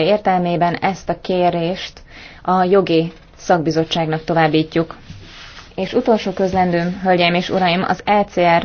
értelmében ezt a kérést a jogi szakbizottságnak továbbítjuk. És utolsó közlendőm, hölgyeim és uraim, az LCR e